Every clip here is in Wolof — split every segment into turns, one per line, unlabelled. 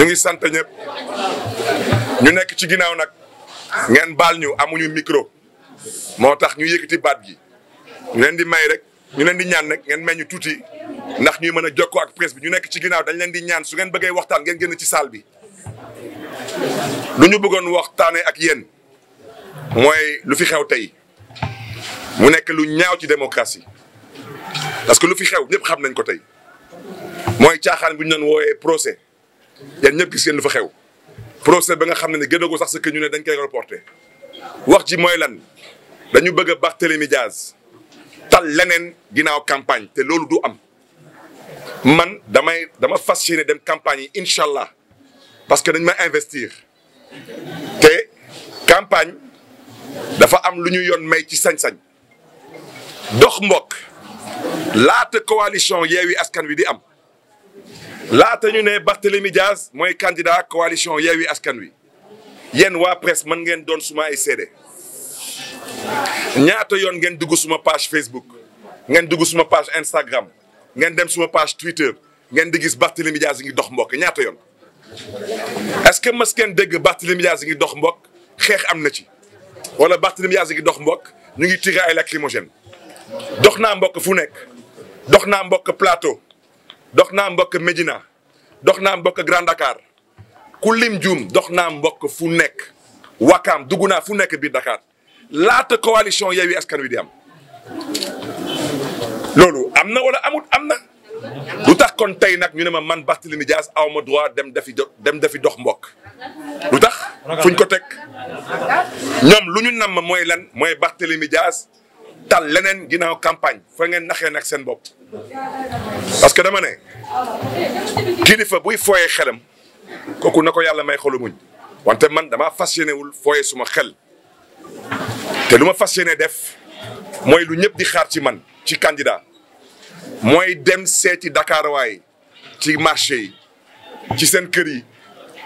ñu ngi sant ñëpp ñu nekk ci ginnaaw nag ngeen baal ñu amuñu micro moo tax ñu yëkkati baat gi ñu leen di may rek ñu leen di ñaan nag ngeen may tuuti ndax ñuy mën a jokkoo ak presse bi ñu nekk ci ginaaw dañ leen di ñaan su ngeen bëggee waxtaan ngeen génn ci salle bi. lu ñu bëggoon waxtaane ak yéen mooy lu fi xew tey mu nekk lu ñaaw ci démocratie parce que lu fi xew ñëpp xam nañ ko tey mooy caaxaan bu ñu doon wooyee procès. yéen ñëpp gis ngeen fa xew procès ba nga xam ne ne gën a ko sax sa que ñu ne dañ koy reporté wax ji mooy lan dañu bëgg a Barthélémy Diaz tal leneen ginnaaw campagne te loolu du am man damay dama fas yéene dem campagne yi incha allah parce que dañ ma investir te campagne dafa am lu ñu yoon may ci sañ-sañ dox mbokk laata coalition Yewwi Askan Wi di am laata ñu ne Barthélémy Diaz mooy candidat coalition Yewwi Askan Wi yenn waa presse man ngeen doon suma ay seede ñaata yoon ngeen dugg suma page Facebook ngeen dugg suma page Instagram ngeen dem suma page Twitter ngeen di gis Barthélémy Diaz ngi dox mbokk ñaata yoon est que mas ngeen dégg Barthélémy Diaz ngi dox mbokk xeex am na ci wala Barthélémy Diaz ngi dox mbokk ñu ngi tiré ay lacrymogène dox naa mbokk fu nekk dox naa mbokk plateau dox naa mbokk Médina dox naa mbokk Grand Dakar ku lim juum dox naa mbokk fu nekk Wakaam dugg naa fu nekk biir Dakar laata coalition Yewwi Askan Wi di am loolu am na wala amut am na lu tax kon tey nag ñu ne ma man Barthélémy Dias aw ma droit dem defi dem defi dox mbok lu tax fuñ ko teg ñoom lu ñu namm mooy lan mooy Barthélémy Dias tal leneen ginnaaw campagne fa ngeen naxee nag seen bopp parce que dama ne kilifa buy fooyee xelam kooku na ko yàlla may xolu wante man damaa fas yéene wul fooyee suma xel te lu ma fas yéene def mooy lu ñëpp di xaar ci man ci candidat mooy dem seeti Dakar ci marché yi ci seen kër yi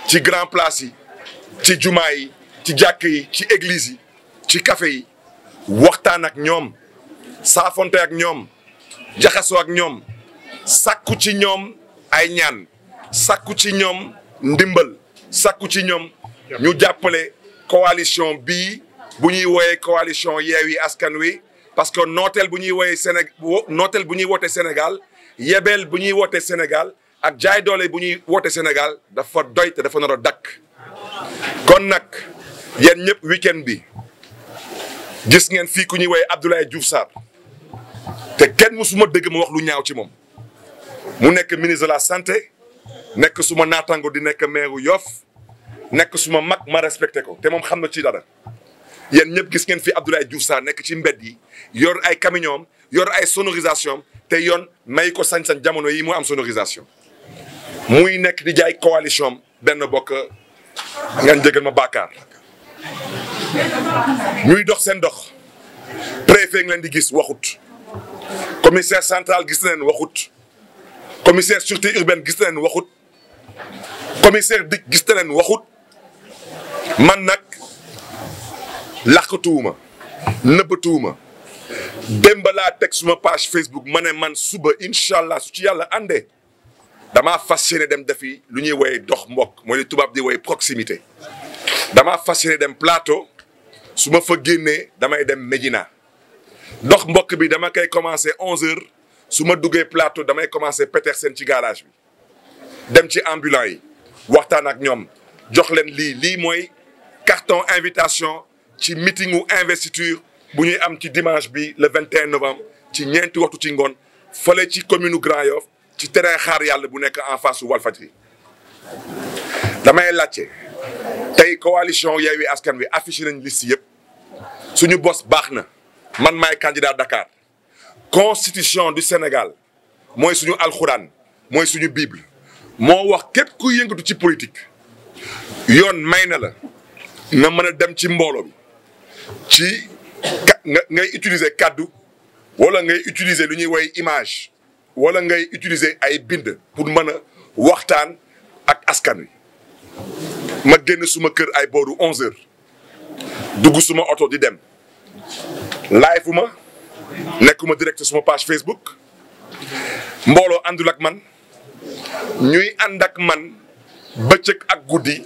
ci grand place yi ci jumaa yi ci jàkk yi ci église yi ci café yi waxtaan ak ñoom saafonte ak ñoom jaxasoo ak ñoom sakku ci ñoom ay ñaan sakku ci ñoom ndimbal sakku ci ñoom ñu jàppale coalition bii bu ñuy wooyee coalition Yewwi Askan Wi parce que nooteel bu ñuy wooyee Sénégal nooteel bu ñuy woote Sénégal yebeel bu ñuy woote Sénégal ak jaay doole bu ñuy woote Sénégal dafa doy te dafa nar dakk kon nag yéen ñëpp weekend bi gis ngeen fii ku ñuy woowee Abdoulaye Diouf Sarr te kenn musuma dëgg ma wax lu ñaaw ci moom mu nekk ministre de la santé nekk suma naataango di nekk maire Yoff nekk suma mag ma respecté ko te moom xam na ci dara yéen ñëpp gis ngeen fii Abdoulaye Diouf Sarr nekk ci mbedd yi yor ay camion yor ay sonorisation te yoon may ko sañ-sañ jamono yi mu am sonorisation muy nekk di jaay coalition benn bokk ngeen jégal ma bàkkaar ñuy dox seen dox préfet ngi di gis waxut commissaire central gis nañ waxut commissaire sûreté urbaine gis nañ waxut commissaire dik gis nañ waxut man nag làqatuwuma nëbbatuwuma démb laa teg suma page Facebook ma ne man suba incha allah su ci yàlla àndee damaa fas yéene dem defi lu ñuy woowee dox mbokk mooy tubaab di woowee proximité damaa fas yéene dem plateau. su ma fa génnee damay dem Médina dox mbokk bi dama koy commencé 11h su ma duggee plateau damay commencé Petersen ci garage bi dem ci ambulant yi waxtaan ak ñoom jox leen lii lii mooy carton invitation ci meetingu investiture bu ñuy am ci dimanche bi le 21 novembre ci ñeenti waxtu ci ngoon fële ci commune Grand Yoff ci terrain xaar yàlla bu nekk en face su Walfadjri damay laajte tey coalition Yewwi Askan Wi affiché nañ liste yëpp suñu bos baax na man maay candidat Dakar constitution du Sénégal mooy suñu alxuraan mooy suñu bible moo wax képp ku yëngatu ci politique yoon may na la nga mën a dem ci mbooloo ci nga ngay utiliser kàddu wala ngay utiliser lu ñuy woy image wala ngay utiliser ay bind pour mën a waxtaan ak askan wi ma génn suma kër ay booru 11h dugg suma oto di dem live ma nekkuma direct suma page Facebook mbooloo àndul ak man ñuy ànd ak man bëccëg ak guddi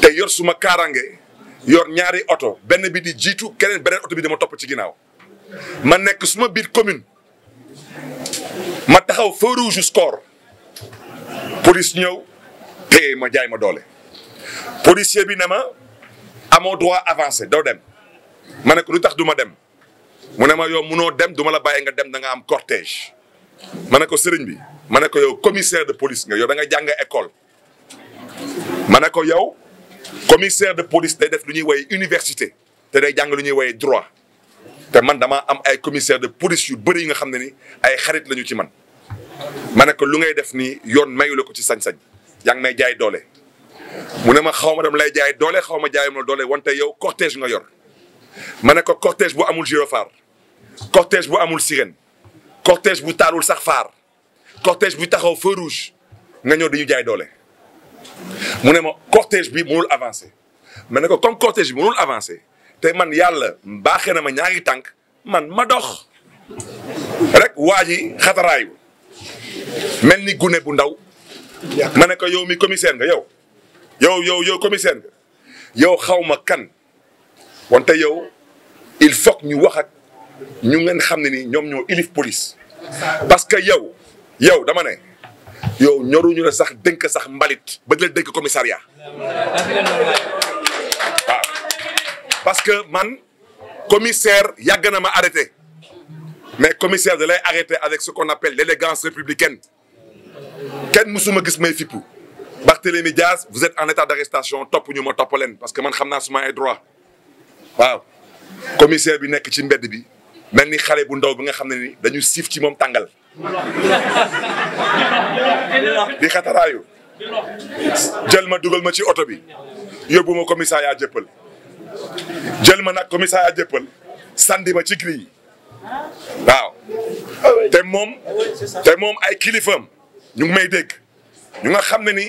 te yor suma kaaraange yor ñaari oto benn bi di jiitu keneen beneen oto bi ma topp ci ginnaaw ma nekk suma biir commune ma taxaw feu rouge score police ñëw te ma jaay ma doole. policier bi ne ma amoo droit avancé doo dem ma ne lu tax du ma dem mu ne ma yow munoo dem du ma la bàyyi nga dem da nga am cortège ma ne ko sëriñ bi ma ne ko yow commissaire de police nga yow da nga jàng école ma ne ko yow commissaire de police day def lu ñuy woye université te day jàng lu ñuy woye droit te man dama am ay commissaire de police yu bëri yi nga xam ne ni ay xarit lañu ci man ma ne lu ngay def nii yoon mayu la ko ci sañ-sañ yaa ngi may jaay doole mu ne ma xaw ma dem lay jaay doole xaw ma jaay ma doole wante yow cortège nga yor ma ne ko cortège bu amul gyrophare cortège bu amul sirène cortège bu taalul sax phare cortège bu taxaw feu rouge nga ñëw di ñu jaay doole. mu ne ma cortège bi mënul avancer ma ne ko comme cortège bi mënul avancer te man yàlla baaxee na ma ñaari tànk man ma dox rek waa ji xataraayu mel ni gune bu ndaw ma ne ko yow mi commissaire nga yow. yow yow yow commissaire nga yow xawma kan wante yow il faut ñu wax ak ñu ngeen xam ne ni ñoom ñoo ilif police parce que yow yow dama ne yow ñoruñu la sax dënk sax mbalit bëgg la dënk commissariat waaw parce que man commissaire yàgg na ma arrêté mais commissaire da lay arrêté avec ce qu'on appelle l'élégance républicaine kenn mësuma gis may fippu Barthélémy Diaz vous êtes en état d'arrestation topp ñu ma topp leen parce que man xam naa suma ay droit waaw commissaire bi nekk ci mbedd bi mel ni xale bu ndaw bi nga xam ne ni dañu siif ci moom tàngal di xataraayu jël ma dugal ma ci oto bi yóbbu ma commissariat jëppal jël ma nag commissariat jëppal sandi ma ci gri waaw te moom te moom ay kilifaam ñu ngi may dégg ñu nga xam ne ni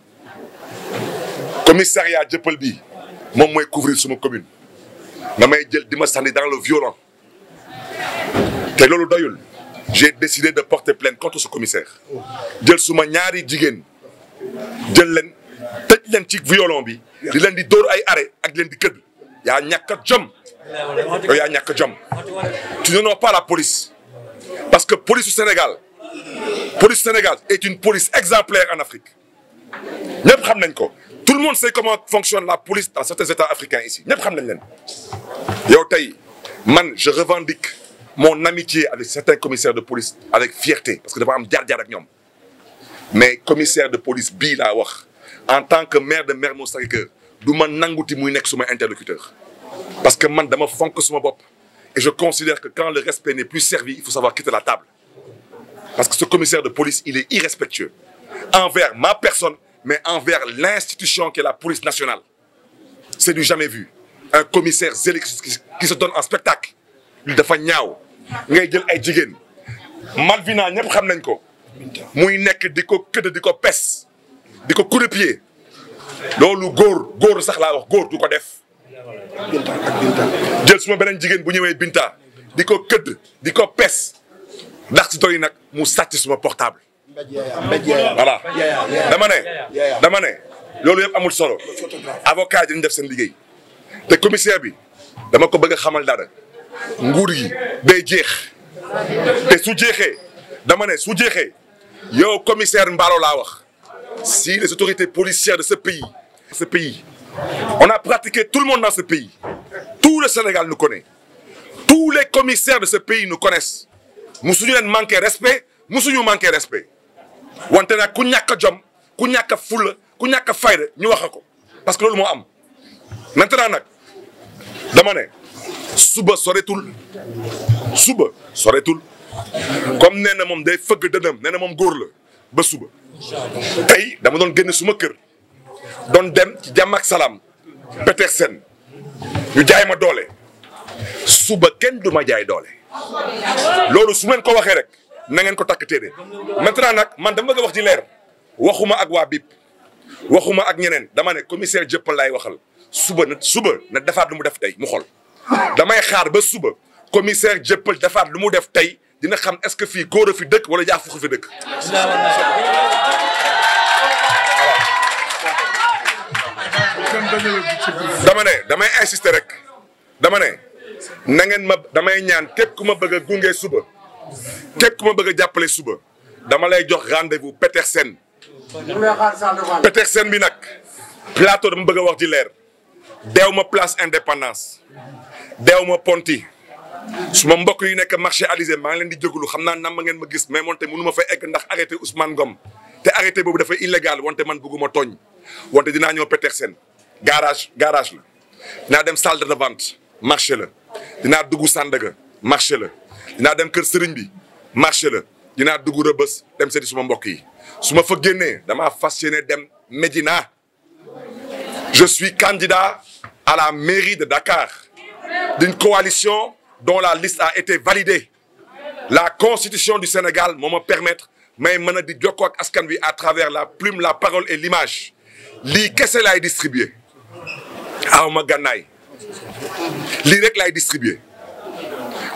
commissariat jëppal bi moom mooy couvrir suma commune damay jël di ma sànni dans le violent te loolu doyul j'ai décidé de porter plainte contre ce commissaire jël suma ñaari jigéen jël leen tëj leen ci violon bi di leen di dóor ay arrêt ak di leen di këdd yaa ñàkk a jom yow yaa ñàkk tu ne non pas la police parce que police du Sénégal police Sénégal est une police exemplaire en Afrique ñëpp xam nañ ko tout le monde sait comment fonctionne la police dans certains états africains ici ñëpp xam nañ leen yow tey man je revendique mon amitié avec certains commissaires de police avec fierté parce que dafa am jaar-jaar ñoom mais commissaire de police bii laa wax en tant que maire de Mermoz Sacré-Cœur du ma nanguti muy nekk suma interlocuteur parce que man dama fonk suma bopp et je considère que quand le respect n'est plus servi il faut que ce commissaire police il est envers ma personne, mais envers l'institution qui est la police nationale. C'est du jamais vu. Un commissaire zélé qui se donne en spectacle. dafa ñaaw ngay jël ay jigéen Malvina ñëpp xam nañ ko. muy nekk di ko këdd di ko pes di ko coup de pied loolu góor góor sax laa wax góor du ko def. jël suma beneen jigéen bu ñëwee Binta di ko këdd di ko pes ndax si doy nag mu sàcc suma portable. voilà dama ne dama ne loolu yëpp amul solo avocat yi dañ def seen liggéey te commissaire bi dama ko bëgg a xamal dara nguur gi day jeex te su jeexee dama ne su jeexee yow commissaire Mballo laa wax si les autorités policières de ce pays ce pays on a pratiqué tout le monde dans ce pays tout le Sénégal nous connaît tous les commissaires de ce pays nous connaissent musuñu leen manqué respect musuñu manqué respect wante nag ku ñàkk jom ku ñàkk a fulla ku ñàkk a ñu wax ko parce que loolu moo am maintenant nag dama ne suba soretul suba soretul comme nee na moom day fëgg dënam nee na moom góor la ba suba tey dama doon génn suma kër doon dem ci jàmm ak salaam Petersen ñu jaay ma doole suba kenn du ma jaay doole loolu su meen ko waxee rek na ngeen ko takk téere maintenant nag man dama bëgg wax ji leer waxuma ak waa BIP waxuma ak ñeneen dama ne commissaire Jëppal laay waxal suba na suba na defaat lu mu def tey mu xool damay xaar ba suba commissaire Jëppal defaat lu mu def tey dina xam est-ce que fii góor a fi dëkk wala jaaxu fi dëkk. dama ne damay insister rek dama ne na ngeen ma damay ñaan képp ku ma bëgg gunge suba. képp ku ma bëgg jàppale suba dama lay jox rendez-vous Petersen. Petersen bi nag plateau dama bëgg wax di leer deew ma place indépendance deew ma ponti su ma mbokk yi nekk marché alizé maa ngi leen di jógulu xam naa nam ma ngeen ma gis mais moonte mënu ma fa egg ndax arrêté Ousmane Ngom te arrêté boobu dafa illégal wante man bëgguma tooñ wante dinaa ñëw Petersen garage garage la dinaa dem salle de vente marché la dinaa dugg Sandaga marché la dinaa dem kër sëriñ bi marché la dinaa dugg Rebeuss dem seeti suma mbokk yi su ma fa génnee damaa fas yéene dem Médina je suis candidat à la mairie de Dakar d'une coalition la liste a été validée la constitution du Sénégal moo ma permettre may mën a di jokkoo askan wi à travers la plume la parole et l'image lii kese laay distribuer aw ma gànnaay lii rek laay distribuer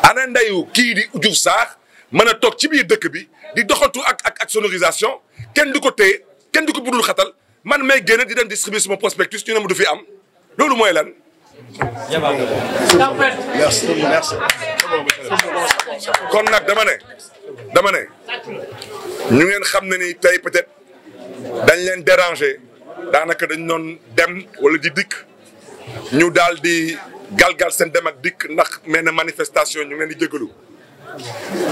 ana ndeyu kii di Diouf Sarr mën a toog ci biir dëkk bi di doxatu ak ak ak sonorisation kenn du ko téye kenn di ko budul xatal man may génn di dem distribuer sama prospectus ñu ne ma du fi am loolu mooy lan. merci merci. kon nag dama ne dama xam ne ni tey peut-être dañ leen déranger daanaka dañ doon dem wala di dikk ñu daal di. galgal seen dem ak dikk ndax mel na manifestation ñu ngeen di jégalu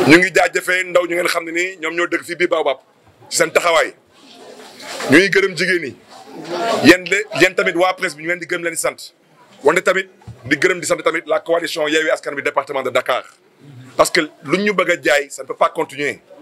ñu ngi jaajëfee ndaw ñu ngeen xam ne nii ñoom ñoo dëkk fii bii Baobab seen taxawaay ñu ngi gërëm jigéen ñi yéen de yéen tamit waa presse bi ñu ngeen di gërëm leen di sant wante tamit di gërëm di sant tamit la coalition Yewwi Askan Wi département de Dakar parce que luñ ñu bëgg jaay ça ne peut continuer